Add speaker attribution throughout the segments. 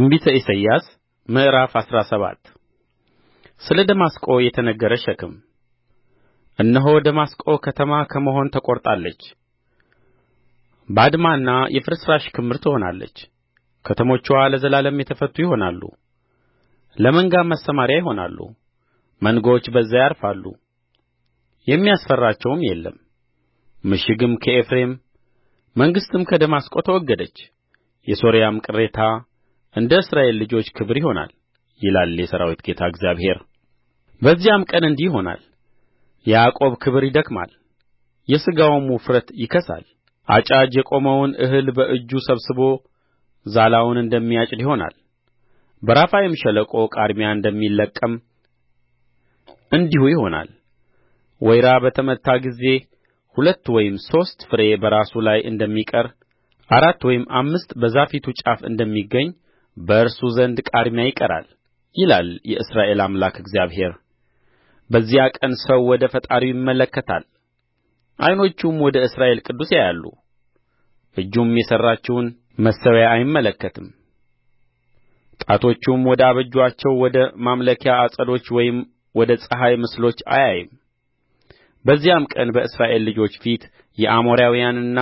Speaker 1: ትንቢተ ኢሳይያስ ምዕራፍ አስራ ሰባት ስለ ደማስቆ የተነገረ ሸክም። እነሆ ደማስቆ ከተማ ከመሆን ተቈርጣለች፣ ባድማና የፍርስራሽ ክምር ትሆናለች። ከተሞችዋ ለዘላለም የተፈቱ ይሆናሉ፣ ለመንጋ መሰማሪያ ይሆናሉ። መንጎች በዚያ ያርፋሉ፣ የሚያስፈራቸውም የለም። ምሽግም ከኤፍሬም መንግሥትም ከደማስቆ ተወገደች። የሶርያም ቅሬታ እንደ እስራኤል ልጆች ክብር ይሆናል ይላል የሠራዊት ጌታ እግዚአብሔር በዚያም ቀን እንዲህ ይሆናል የያዕቆብ ክብር ይደክማል የሥጋውም ውፍረት ይከሳል አጫጅ የቆመውን እህል በእጁ ሰብስቦ ዛላውን እንደሚያጭድ ይሆናል በራፋይም ሸለቆ ቃርሚያ እንደሚለቀም እንዲሁ ይሆናል። ወይራ በተመታ ጊዜ ሁለት ወይም ሦስት ፍሬ በራሱ ላይ እንደሚቀር አራት ወይም አምስት በዛፊቱ ጫፍ እንደሚገኝ በእርሱ ዘንድ ቃርሚያ ይቀራል ይላል የእስራኤል አምላክ እግዚአብሔር በዚያ ቀን ሰው ወደ ፈጣሪው ይመለከታል ዓይኖቹም ወደ እስራኤል ቅዱስ ያያሉ እጁም የሠራችውን መሠዊያ አይመለከትም ጣቶቹም ወደ አበጁአቸው ወደ ማምለኪያ ዐፀዶች ወይም ወደ ፀሐይ ምስሎች አያይም በዚያም ቀን በእስራኤል ልጆች ፊት የአሞራውያንና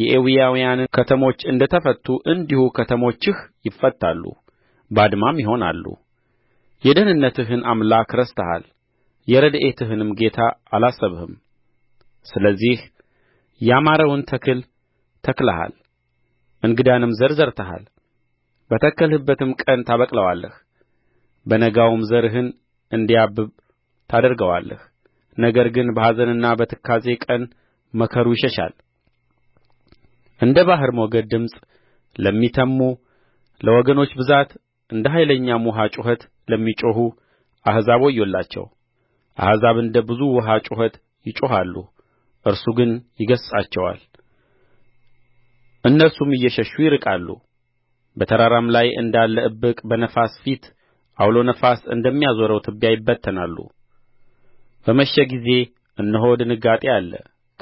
Speaker 1: የኤዊያውያን ከተሞች እንደ ተፈቱ እንዲሁ ከተሞችህ ይፈታሉ ባድማም ይሆናሉ የደኅንነትህን አምላክ ረስተሃል የረድኤትህንም ጌታ አላሰብህም ስለዚህ ያማረውን ተክል ተክለሃል እንግዳንም ዘር ዘርተሃል በተከልህበትም ቀን ታበቅለዋለህ በነጋውም ዘርህን እንዲያብብ ታደርገዋለህ ነገር ግን በኀዘንና በትካዜ ቀን መከሩ ይሸሻል እንደ ባሕር ሞገድ ድምፅ ለሚተምሙ ለወገኖች ብዛት እንደ ኃይለኛም ውኃ ጩኸት ለሚጮኹ አሕዛብ ወዮላቸው አሕዛብ እንደ ብዙ ውኃ ጩኸት ይጮኻሉ እርሱ ግን ይገሥጻቸዋል እነርሱም እየሸሹ ይርቃሉ በተራራም ላይ እንዳለ እብቅ በነፋስ ፊት ዐውሎ ነፋስ እንደሚያዞረው ትቢያ ይበተናሉ በመሸ ጊዜ እነሆ ድንጋጤ አለ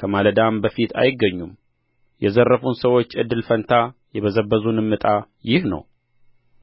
Speaker 1: ከማለዳም በፊት አይገኙም የዘረፉን ሰዎች እድል ፈንታ የበዘበዙንም ዕጣ ይህ ነው